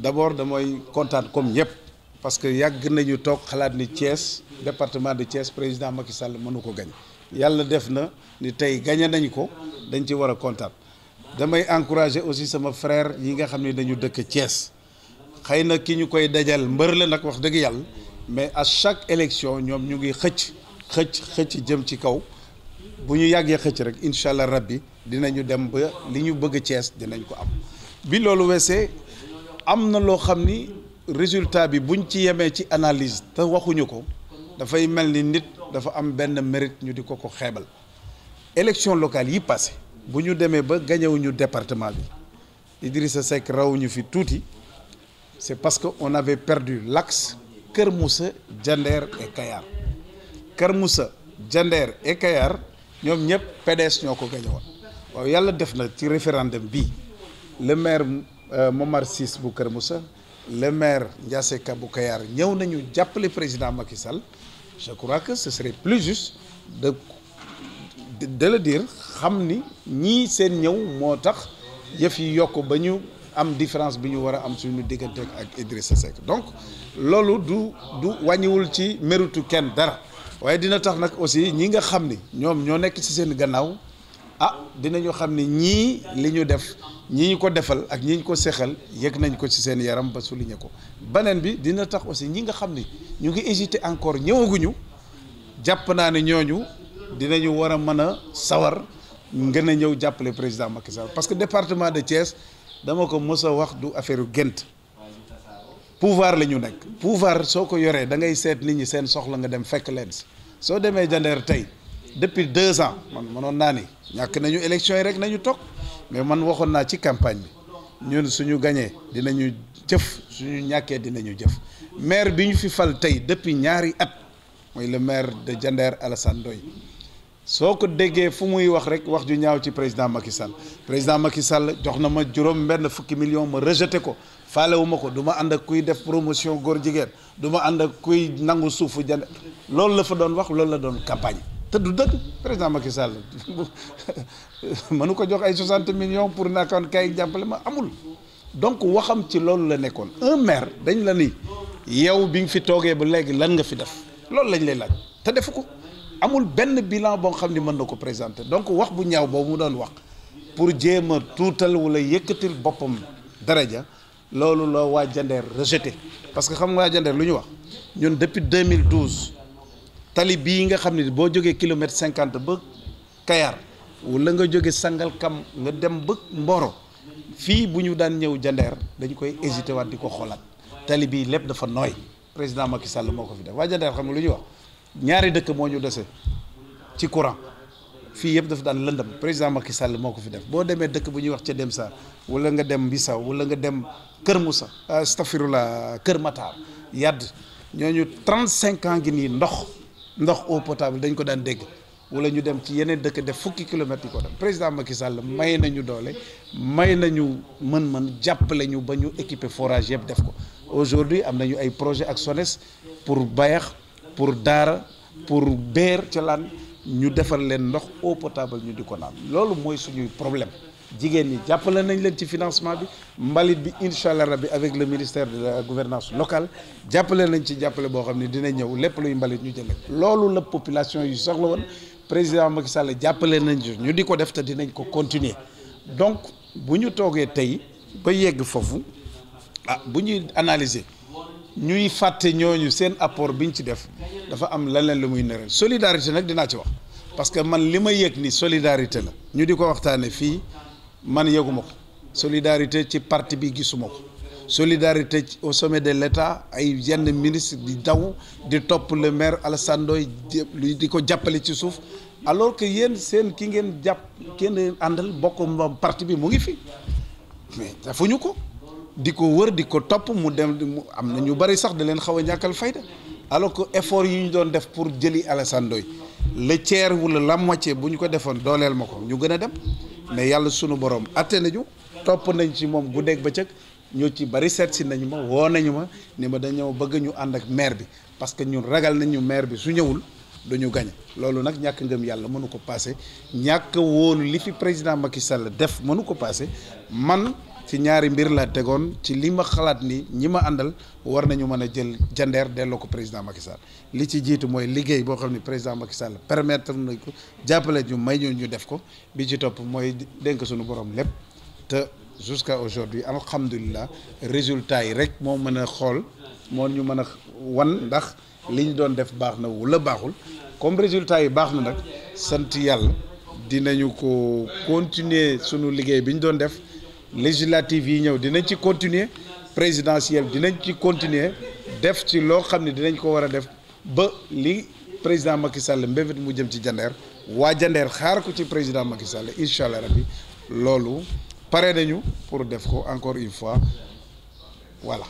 d'abord damooy kontaan comme ñëpp parce que yàgg nañu toog xalaat ni cees département de Thiès président Macky Sall mënu ko gañ yàlla def na ni tey gañe nañ ko dañ ci war a kontaan damay encourager aussi sama frère yi nga xam ni dañu dëkk cees xëy na ki ñu koy dajal mbër la nag wax dëgg yàlla mais à chaque élection ñoom ñu ngi xëcc xëcc xëcc jëm ci kaw bu ñu yàggee xëcc rek incha allah rabbi dinañu dem ba li ñu bëgg cees dinañ ko am bi loolu weesee am na loo xam ni résultat bi buñ ci yemee ci analyse te waxuñu ko dafay mel ni nit dafa am benn mérite ñu di ko ko xeebal élection locale yi passé bu ñu demee ba gañewuñu département bi Idrissa Seck rawuñu fi tuuti c'est parce que on avait perdu l'axe Kër Moussa Diender et Kayar Kër Moussa Diender et Kayar ñoom ñëpp PDS ñoo ko gañewoon waaw yàlla def na ci référendum bi Euh, Momar Ciss bu Kër Moussa le maire Ndiassé Ka bu Kayar ñëw nañu jàppale président Macky Sall je crois que ce serait plus juste de de le dire xam ni ñi seen ñëw moo tax yëf yi yokk ba ñu am différence bi ñu war a am suñu diggante ak Idrissa Seck donc loolu du du wàññiwul ci meritu kenn dara waaye dina tax nag aussi ñi nga xam ni ñoom ñoo nekk ci seen gannaaw ah dinañu xam ne ñii li ñu def ñii ñu ko defal ak ñii ñu ko sexal yëg nañ ko ci seen yaram ba souligné ko beneen bi dina tax aussi ñi nga xam ni ñu ngi insité encore ñëwaguñu jàpp naa ne ñooñu dinañu war a mën a sawar ngën a ñëw jàppale président Macky parce que département de Thiès dama ko mës a wax du affaire gént pouvoir la ñu nekk pouvoir soo ko yoree da ngay seet nit ñi seen soxla nga dem fekk leen si soo demee jandeer tey depuis deux ans man mënoon naa ni ñàkk nañu élection yi rek nañu toog mais man waxoon naa ci campagne bi ñun suñu gañee dinañu jëf suñu ñàkkee dinañu jëf maire bi ñu fi fal tey depuis ñaari at mooy le maire de Diender Alassane Ndoye soo ko déggee fu muy wax rek wax ju ñaaw ci président Macky Sall président Macky Sall jox na ma juróom mbenn fukki million ma rejeté ko faalewu ko du ma ànd ak kuy def promotion góor jigéen du ànd ak kuy nangu suufu Diender loolu la fa doon wax loolu la doon campagne te du dëgg président Macky Sall mënu ko jox ay 60 millions pour nekkoon kay jàppale ma amul donc waxam ci loolu la nekkoon un maire dañ la ni yow bi nga fi toogee ba léegi lan nga fi def loolu lañ lay laaj te defu ko amul benn bilan boo xam ni mën na ko présenter donc wax bu ñaaw boobu mu doon wax pour jéem a tuutal wala yëkkatil boppam daraja loolu la waa Jandeer rejeté parce que xam nga waa Jandeer lu ñu wax ñun depuis 2012. tali bii nga xam ne boo jógee kilomètre cinquante ba Kayar wala nga jóge Sangalkam nga dem ba Mboro fii bu ñu daan ñëw jandeer dañ koy hésité waat di ko xoolaat tali bii lépp dafa nooy président Macky Sall moo ko fi def waa jandeer xam nga lu ñuy wax ñaari dëkk moo ñu desee ci courant fii yëpp dafa daan lëndam président Macky Sall moo ko fi def boo demee dëkk bu ñuy wax ca dem sa wala nga dem Bissau wala nga dem Kër Moussa astafirullah Kër Matar Yadd ñooñu 35 ans gi nii ndox ndox eau potable dañ ko daan dégg wala ñu dem ci yeneen dëkk def fukki kilomètres yi ko dem président Macky Sall may nañu doole may nañu mën-mën jàppale ñu ba ñu équiper forage yëpp def ko aujourd'hui am nañu ay projet ak SONES pour Bayax pour Daara pour Beer ca laan ñu defar leen ndox eau potable ñu di ko naan loolu mooy suñuy problème jigéen ñi jàppale nañ leen ci financement bi mbalit bi incha allah bi avec le ministère de la gouvernance locale jàppale nañ ci jàppale boo xam ne dina ñëw lépp luy mbalit ñu jëlee loolu la population yu la woon président Macky Sall jàppale nañ ñu di ko def te dinañ ko continuer donc bu ñu toogee tey ba yegg foofu ah bu ñuy analyser ñuy fàtte ñooñu seen apport biñ ci def dafa am leen lu muy nëral solidarité nag dinaa ci wax parce que man li ma yëg ni solidarité la ñu di ko waxtaanee fii. man yëguma ko solidarité ci parti bi gisuma ko solidarité ci au sommet de l'État ay yenn ministre di daw di topp le maire Alassane di ko jàppale ci suuf alors que yéen seen ki ngeen jàpp kenn àndal bokk moom parti bi mu ngi fi mais defuñu ko di ko wër di ko topp mu dem mu am na ñu bari sax da leen xaw a ñàkkal fayda alors que effort yi ñu doon def pour jëli Alassane Ndoye le tiers wala la moitié bu ñu ko defoon dooleel ma ko ñu gën a dem mais yàlla sunu borom atte nañu topp nañ ci moom ba cëkk ñu ci bari seet si nañu ma woo nañu ma ne ma dañoo bëgg ñu ànd ak maire bi parce que ñun ragal nañ ñu maire bi su ñëwul du ñu gañ loolu nag ñàkk ngëm yàlla mënu ko paase ñàkk wóolu li fi président Macky Sall def mënu ko paase man. ci ñaari mbir laa tegoon ci li ma xalaat ni ñi ma àndal war nañu mën a jël jandeer delloo ko président Macky li ci jiitu mooy liggéey boo xam ni président Macky Sall permettre nañ ko jàppale ñu may ñu ñu def ko bi ci topp mooy dénk suñu borom lépp te jusqu'à aujourd'hui alhamdulilah résultat yi rek moo mën a xool moo ñu mën a wan ndax li ñu doon def baax na wala baaxul comme résultat yi baax na nag sant yàlla dinañu ko continuer sunu liggéey bi ñu doon def législative yi ñëw dinañ ci continuer présidentielle dinañ ci continuer def ci loo xam ne dinañ ko war a def ba li président Macky Sall mbébét mu jëm ci jandeer waa jandeer xaar ko ci président Macky Sall incha allah rabbi loolu pare nañu pour def ko encore une fois voilà.